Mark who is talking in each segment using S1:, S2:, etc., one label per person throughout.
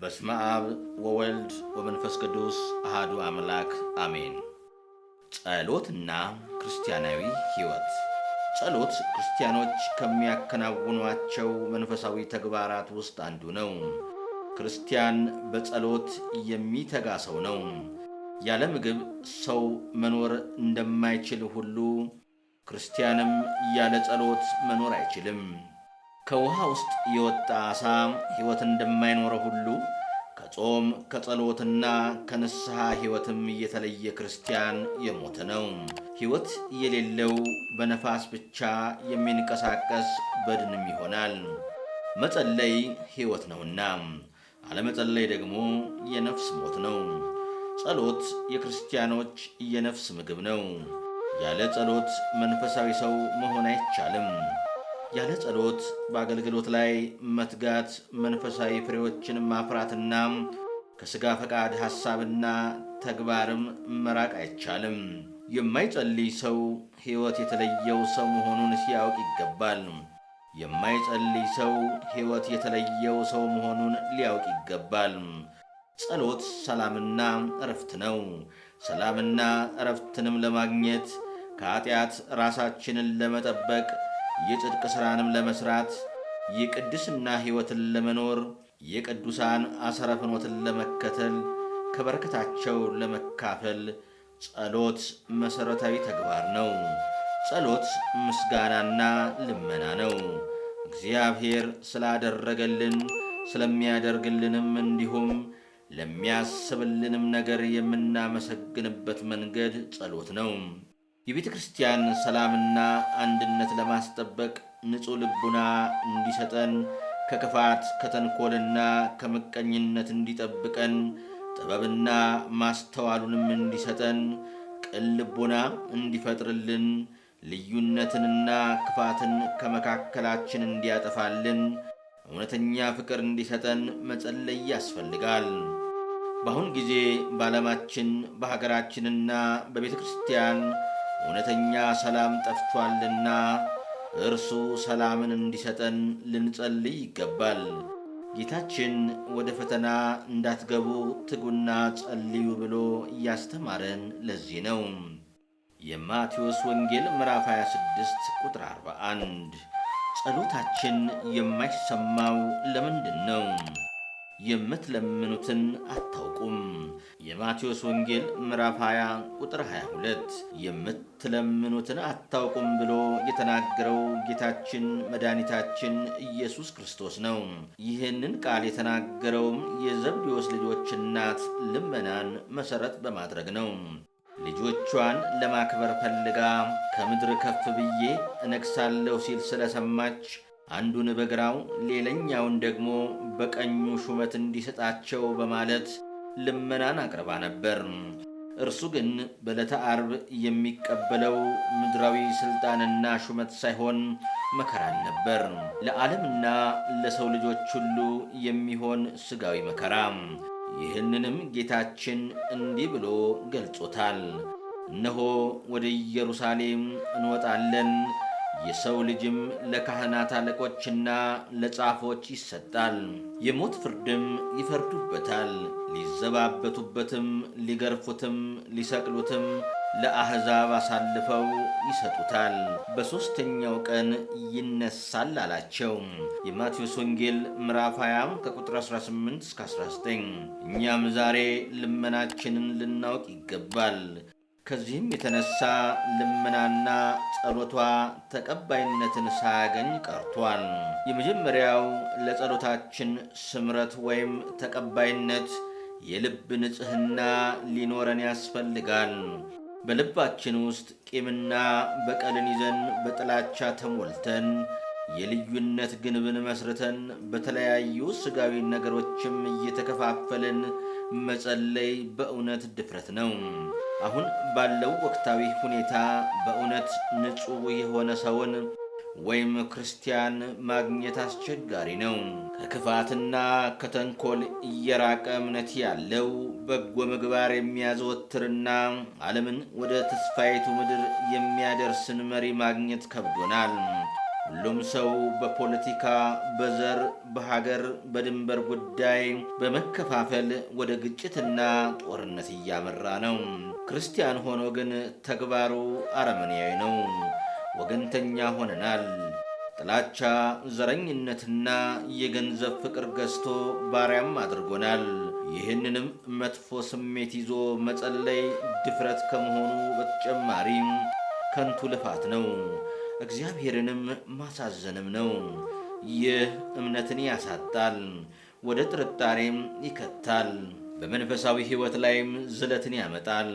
S1: በስመ አብ ወወልድ ወመንፈስ ቅዱስ አሃዱ አምላክ አሜን። ጸሎትና ክርስቲያናዊ ሕይወት። ጸሎት ክርስቲያኖች ከሚያከናውኗቸው መንፈሳዊ ተግባራት ውስጥ አንዱ ነው። ክርስቲያን በጸሎት የሚተጋ ሰው ነው። ያለ ምግብ ሰው መኖር እንደማይችል ሁሉ ክርስቲያንም ያለ ጸሎት መኖር አይችልም። ከውሃ ውስጥ የወጣ አሳ ሕይወት እንደማይኖረው ሁሉ ከጾም ከጸሎትና ከንስሐ ሕይወትም የተለየ ክርስቲያን የሞተ ነው። ሕይወት የሌለው በነፋስ ብቻ የሚንቀሳቀስ በድንም ይሆናል። መጸለይ ሕይወት ነውና፣ አለመጸለይ ደግሞ የነፍስ ሞት ነው። ጸሎት የክርስቲያኖች የነፍስ ምግብ ነው። ያለ ጸሎት መንፈሳዊ ሰው መሆን አይቻልም። ያለ ጸሎት በአገልግሎት ላይ መትጋት መንፈሳዊ ፍሬዎችን ማፍራትና ከሥጋ ፈቃድ ሐሳብና ተግባርም መራቅ አይቻልም። የማይጸልይ ሰው ሕይወት የተለየው ሰው መሆኑን ሲያውቅ ይገባል። የማይጸልይ ሰው ሕይወት የተለየው ሰው መሆኑን ሊያውቅ ይገባል። ጸሎት ሰላምና እረፍት ነው። ሰላምና እረፍትንም ለማግኘት ከኃጢአት ራሳችንን ለመጠበቅ የጽድቅ ሥራንም ለመሥራት የቅድስና ሕይወትን ለመኖር የቅዱሳን አሰረ ፍኖትን ለመከተል ከበረከታቸው ለመካፈል ጸሎት መሠረታዊ ተግባር ነው። ጸሎት ምስጋናና ልመና ነው። እግዚአብሔር ስላደረገልን ስለሚያደርግልንም እንዲሁም ለሚያስብልንም ነገር የምናመሰግንበት መንገድ ጸሎት ነው። የቤተ ክርስቲያን ሰላምና አንድነት ለማስጠበቅ ንጹሕ ልቡና እንዲሰጠን ከክፋት ከተንኮልና ከምቀኝነት እንዲጠብቀን ጥበብና ማስተዋሉንም እንዲሰጠን ቅን ልቡና እንዲፈጥርልን ልዩነትንና ክፋትን ከመካከላችን እንዲያጠፋልን እውነተኛ ፍቅር እንዲሰጠን መጸለይ ያስፈልጋል። በአሁን ጊዜ በዓለማችን በሀገራችንና በቤተ ክርስቲያን እውነተኛ ሰላም ጠፍቷልና እርሱ ሰላምን እንዲሰጠን ልንጸልይ ይገባል። ጌታችን ወደ ፈተና እንዳትገቡ ትጉና ጸልዩ ብሎ እያስተማረን ለዚህ ነው። የማቴዎስ ወንጌል ምዕራፍ 26 ቁጥር 41 ጸሎታችን የማይሰማው ለምንድን ነው? የምትለምኑትን አታውቁም። የማቴዎስ ወንጌል ምዕራፍ 20 ቁጥር 22 የምትለምኑትን አታውቁም ብሎ የተናገረው ጌታችን መድኃኒታችን ኢየሱስ ክርስቶስ ነው። ይህንን ቃል የተናገረውም የዘብዴዎስ ልጆች እናት ልመናን መሠረት በማድረግ ነው። ልጆቿን ለማክበር ፈልጋ ከምድር ከፍ ብዬ እነግሳለሁ ሲል ስለሰማች አንዱን በግራው ሌላኛውን ደግሞ በቀኙ ሹመት እንዲሰጣቸው በማለት ልመናን አቅርባ ነበር። እርሱ ግን በዕለተ ዓርብ የሚቀበለው ምድራዊ ሥልጣንና ሹመት ሳይሆን መከራን ነበር፣ ለዓለምና ለሰው ልጆች ሁሉ የሚሆን ሥጋዊ መከራ። ይህንንም ጌታችን እንዲህ ብሎ ገልጾታል። እነሆ ወደ ኢየሩሳሌም እንወጣለን የሰው ልጅም ለካህናት አለቆችና ለጻፎች ይሰጣል። የሞት ፍርድም ይፈርዱበታል። ሊዘባበቱበትም፣ ሊገርፉትም፣ ሊሰቅሉትም ለአሕዛብ አሳልፈው ይሰጡታል። በሦስተኛው ቀን ይነሳል አላቸው። የማቴዎስ ወንጌል ምዕራፍ 20 ከቁጥር 18 እስከ 19። እኛም ዛሬ ልመናችንን ልናውቅ ይገባል። ከዚህም የተነሳ ልመናና ጸሎቷ ተቀባይነትን ሳያገኝ ቀርቷል። የመጀመሪያው ለጸሎታችን ስምረት ወይም ተቀባይነት የልብ ንጽህና ሊኖረን ያስፈልጋል። በልባችን ውስጥ ቂምና በቀልን ይዘን በጥላቻ ተሞልተን የልዩነት ግንብን መስርተን በተለያዩ ስጋዊ ነገሮችም እየተከፋፈልን መጸለይ በእውነት ድፍረት ነው። አሁን ባለው ወቅታዊ ሁኔታ በእውነት ንጹሕ የሆነ ሰውን ወይም ክርስቲያን ማግኘት አስቸጋሪ ነው። ከክፋትና ከተንኮል እየራቀ እምነት ያለው በጎ ምግባር የሚያዘወትርና ዓለምን ወደ ተስፋይቱ ምድር የሚያደርስን መሪ ማግኘት ከብዶናል። ሁሉም ሰው በፖለቲካ፣ በዘር፣ በሀገር፣ በድንበር ጉዳይ በመከፋፈል ወደ ግጭትና ጦርነት እያመራ ነው። ክርስቲያን ሆኖ ግን ተግባሩ አረመኔያዊ ነው። ወገንተኛ ሆነናል። ጥላቻ፣ ዘረኝነትና የገንዘብ ፍቅር ገዝቶ ባሪያም አድርጎናል። ይህንንም መጥፎ ስሜት ይዞ መጸለይ ድፍረት ከመሆኑ በተጨማሪም ከንቱ ልፋት ነው። እግዚአብሔርንም ማሳዘንም ነው። ይህ እምነትን ያሳጣል፣ ወደ ጥርጣሬም ይከታል፣ በመንፈሳዊ ሕይወት ላይም ዝለትን ያመጣል።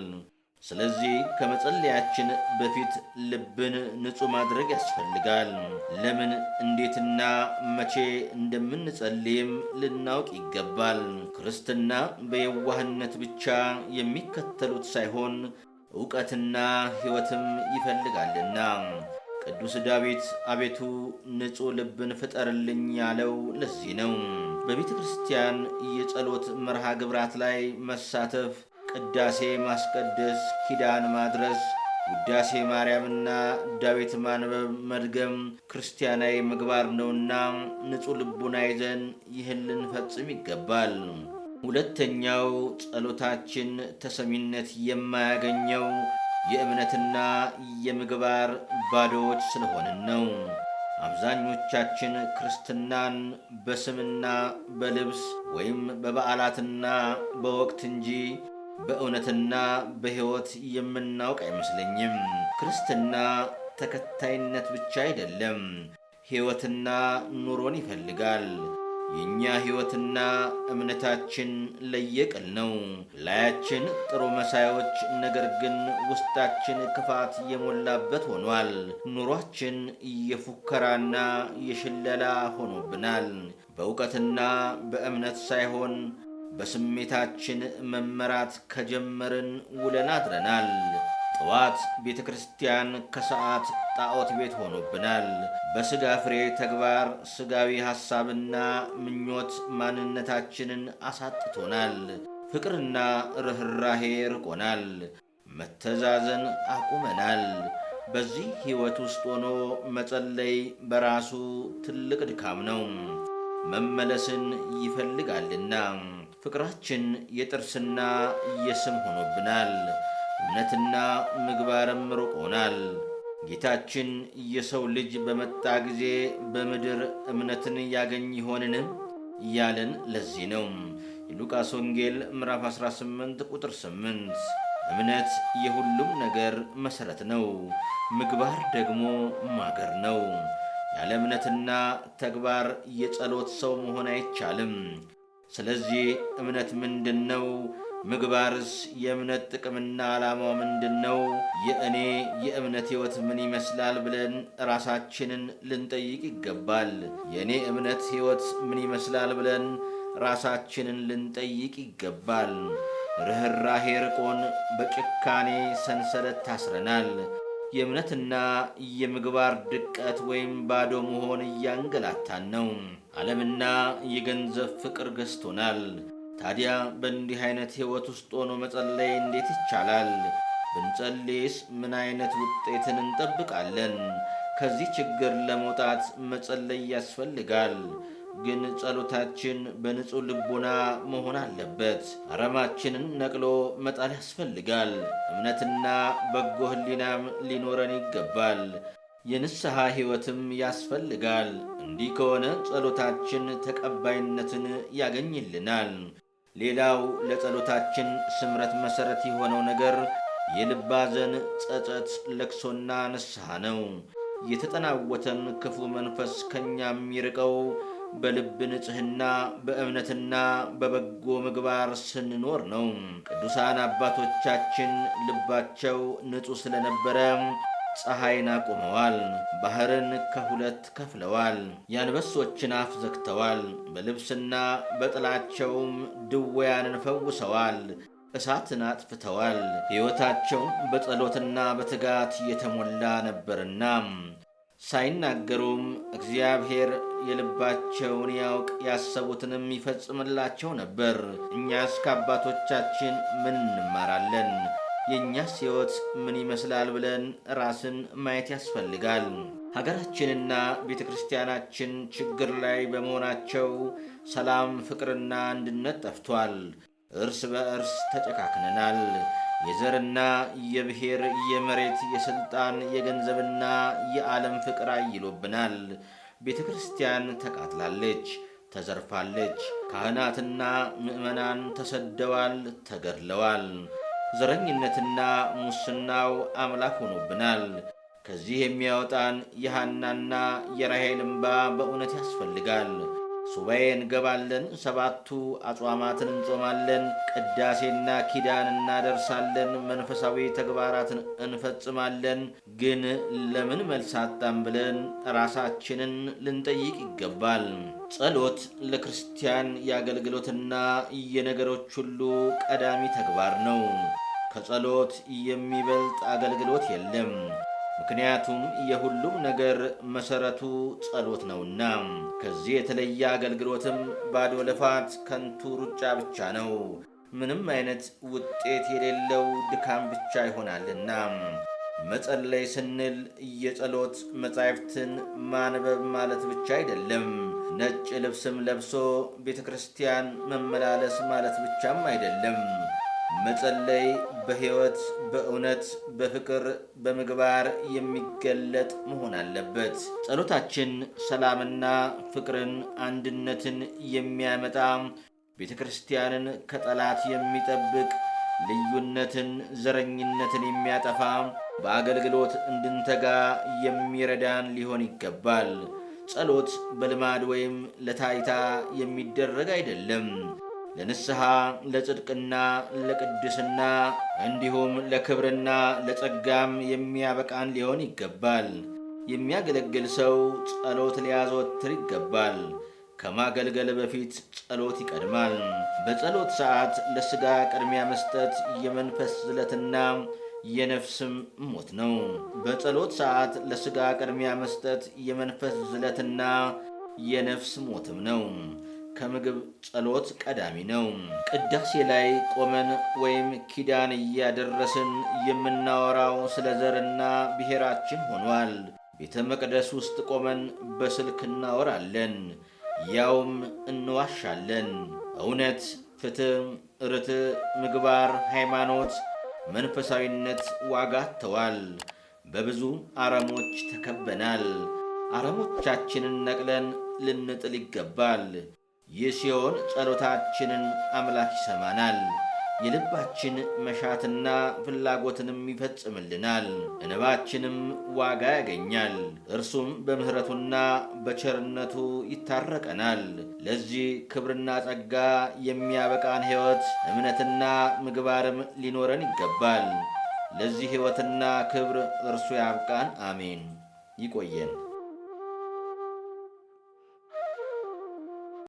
S1: ስለዚህ ከመጸለያችን በፊት ልብን ንጹሕ ማድረግ ያስፈልጋል። ለምን እንዴትና መቼ እንደምንጸልይም ልናውቅ ይገባል። ክርስትና በየዋህነት ብቻ የሚከተሉት ሳይሆን እውቀትና ሕይወትም ይፈልጋልና ቅዱስ ዳዊት አቤቱ ንጹሕ ልብን ፍጠርልኝ ያለው ለዚህ ነው። በቤተ ክርስቲያን የጸሎት መርሃ ግብራት ላይ መሳተፍ፣ ቅዳሴ ማስቀደስ፣ ኪዳን ማድረስ፣ ውዳሴ ማርያምና ዳዊት ማንበብ መድገም ክርስቲያናዊ ምግባር ነውና ንጹሕ ልቡና ይዘን ይህን ልንፈጽም ይገባል። ሁለተኛው ጸሎታችን ተሰሚነት የማያገኘው የእምነትና የምግባር ባዶዎች ስለሆንን ነው። አብዛኞቻችን ክርስትናን በስምና በልብስ ወይም በበዓላትና በወቅት እንጂ በእውነትና በሕይወት የምናውቅ አይመስለኝም። ክርስትና ተከታይነት ብቻ አይደለም፣ ሕይወትና ኑሮን ይፈልጋል። የእኛ ሕይወትና እምነታችን ለየቅል ነው። ላያችን ጥሩ መሳዮች፣ ነገር ግን ውስጣችን ክፋት የሞላበት ሆኗል። ኑሯችን የፉከራና የሽለላ ሆኖብናል። በእውቀትና በእምነት ሳይሆን በስሜታችን መመራት ከጀመርን ውለን አድረናል። ጠዋት ቤተ ክርስቲያን ከሰዓት ጣዖት ቤት ሆኖብናል። በሥጋ ፍሬ ተግባር ሥጋዊ ሐሳብና ምኞት ማንነታችንን አሳጥቶናል። ፍቅርና ርኅራሄ ርቆናል። መተዛዘን አቁመናል። በዚህ ሕይወት ውስጥ ሆኖ መጸለይ በራሱ ትልቅ ድካም ነው፣ መመለስን ይፈልጋልና። ፍቅራችን የጥርስና የስም ሆኖብናል። እምነትና ምግባርም ርቆናል። ጌታችን የሰው ልጅ በመጣ ጊዜ በምድር እምነትን ያገኝ ይሆንን እያለን ለዚህ ነው የሉቃስ ወንጌል ምዕራፍ 18 ቁጥር 8 እምነት የሁሉም ነገር መሠረት ነው፣ ምግባር ደግሞ ማገር ነው። ያለ እምነትና ተግባር የጸሎት ሰው መሆን አይቻልም። ስለዚህ እምነት ምንድን ነው? ምግባርስ የእምነት ጥቅምና ዓላማው ምንድን ነው? የእኔ የእምነት ሕይወት ምን ይመስላል ብለን ራሳችንን ልንጠይቅ ይገባል። የእኔ እምነት ሕይወት ምን ይመስላል ብለን ራሳችንን ልንጠይቅ ይገባል። ርኅራሄ ርቆን በጭካኔ ሰንሰለት ታስረናል። የእምነትና የምግባር ድቀት ወይም ባዶ መሆን እያንገላታን ነው። ዓለምና የገንዘብ ፍቅር ገዝቶናል። ታዲያ በእንዲህ አይነት ሕይወት ውስጥ ሆኖ መጸለይ እንዴት ይቻላል? ብንጸልይስ ምን አይነት ውጤትን እንጠብቃለን? ከዚህ ችግር ለመውጣት መጸለይ ያስፈልጋል። ግን ጸሎታችን በንጹሕ ልቡና መሆን አለበት። አረማችንን ነቅሎ መጣል ያስፈልጋል። እምነትና በጎ ሕሊናም ሊኖረን ይገባል። የንስሐ ሕይወትም ያስፈልጋል። እንዲህ ከሆነ ጸሎታችን ተቀባይነትን ያገኝልናል። ሌላው ለጸሎታችን ስምረት መሠረት የሆነው ነገር የልብ ጸጸት፣ ለቅሶና ንስሐ ነው። የተጠናወተን ክፉ መንፈስ ከእኛ የሚርቀው በልብ ንጽሕና በእምነትና በበጎ ምግባር ስንኖር ነው። ቅዱሳን አባቶቻችን ልባቸው ንጹሕ ስለነበረ ፀሐይን አቁመዋል፣ ባህርን ከሁለት ከፍለዋል፣ የአንበሶችን አፍ ዘግተዋል፣ በልብስና በጥላቸውም ድወያንን ፈውሰዋል፣ እሳትን አጥፍተዋል። ሕይወታቸው በጸሎትና በትጋት የተሞላ ነበርና ሳይናገሩም እግዚአብሔር የልባቸውን ያውቅ ያሰቡትንም ይፈጽምላቸው ነበር። እኛስ ከአባቶቻችን ምን እንማራለን? የእኛስ ሕይወት ምን ይመስላል ብለን ራስን ማየት ያስፈልጋል። ሀገራችንና ቤተ ክርስቲያናችን ችግር ላይ በመሆናቸው ሰላም፣ ፍቅርና አንድነት ጠፍቷል። እርስ በእርስ ተጨካክነናል። የዘርና የብሔር፣ የመሬት፣ የሥልጣን፣ የገንዘብና የዓለም ፍቅር አይሎብናል። ቤተ ክርስቲያን ተቃጥላለች፣ ተዘርፋለች። ካህናትና ምዕመናን ተሰደዋል፣ ተገድለዋል። ዘረኝነትና ሙስናው አምላክ ሆኖብናል። ከዚህ የሚያወጣን የሐናና የራሔል እምባ በእውነት ያስፈልጋል። ሱባኤ እንገባለን፣ ሰባቱ አጽዋማትን እንጾማለን፣ ቅዳሴና ኪዳን እናደርሳለን፣ መንፈሳዊ ተግባራትን እንፈጽማለን። ግን ለምን መልስ አጣን ብለን ራሳችንን ልንጠይቅ ይገባል። ጸሎት ለክርስቲያን የአገልግሎትና የነገሮች ሁሉ ቀዳሚ ተግባር ነው። ከጸሎት የሚበልጥ አገልግሎት የለም። ምክንያቱም የሁሉም ነገር መሰረቱ ጸሎት ነውና፣ ከዚህ የተለየ አገልግሎትም ባዶ ልፋት፣ ከንቱ ሩጫ ብቻ ነው፣ ምንም አይነት ውጤት የሌለው ድካም ብቻ ይሆናልና። መጸለይ ስንል የጸሎት መጻሕፍትን ማንበብ ማለት ብቻ አይደለም። ነጭ ልብስም ለብሶ ቤተ ክርስቲያን መመላለስ ማለት ብቻም አይደለም። መጸለይ በሕይወት በእውነት በፍቅር በምግባር የሚገለጥ መሆን አለበት። ጸሎታችን ሰላምና ፍቅርን፣ አንድነትን የሚያመጣ ቤተ ክርስቲያንን ከጠላት የሚጠብቅ ልዩነትን፣ ዘረኝነትን የሚያጠፋ በአገልግሎት እንድንተጋ የሚረዳን ሊሆን ይገባል። ጸሎት በልማድ ወይም ለታይታ የሚደረግ አይደለም። ለንስሐ ለጽድቅና ለቅድስና እንዲሁም ለክብርና ለጸጋም የሚያበቃን ሊሆን ይገባል። የሚያገለግል ሰው ጸሎት ሊያዘወትር ይገባል። ከማገልገል በፊት ጸሎት ይቀድማል። በጸሎት ሰዓት ለሥጋ ቅድሚያ መስጠት የመንፈስ ዝለትና የነፍስም ሞት ነው። በጸሎት ሰዓት ለሥጋ ቅድሚያ መስጠት የመንፈስ ዝለትና የነፍስ ሞትም ነው። ከምግብ ጸሎት ቀዳሚ ነው። ቅዳሴ ላይ ቆመን ወይም ኪዳን እያደረስን የምናወራው ስለ ዘርና ብሔራችን ሆኗል። ቤተ መቅደስ ውስጥ ቆመን በስልክ እናወራለን፣ ያውም እንዋሻለን። እውነት፣ ፍትህ፣ ርትዕ፣ ምግባር፣ ሃይማኖት፣ መንፈሳዊነት ዋጋ አጥተዋል። በብዙ አረሞች ተከበናል። አረሞቻችንን ነቅለን ልንጥል ይገባል። ሲሆን ጸሎታችንን አምላክ ይሰማናል። የልባችን መሻትና ፍላጎትንም ይፈጽምልናል። እንባችንም ዋጋ ያገኛል። እርሱም በምሕረቱና በቸርነቱ ይታረቀናል። ለዚህ ክብርና ጸጋ የሚያበቃን ሕይወት እምነትና ምግባርም ሊኖረን ይገባል። ለዚህ ሕይወትና ክብር እርሱ ያብቃን። አሜን። ይቆየን።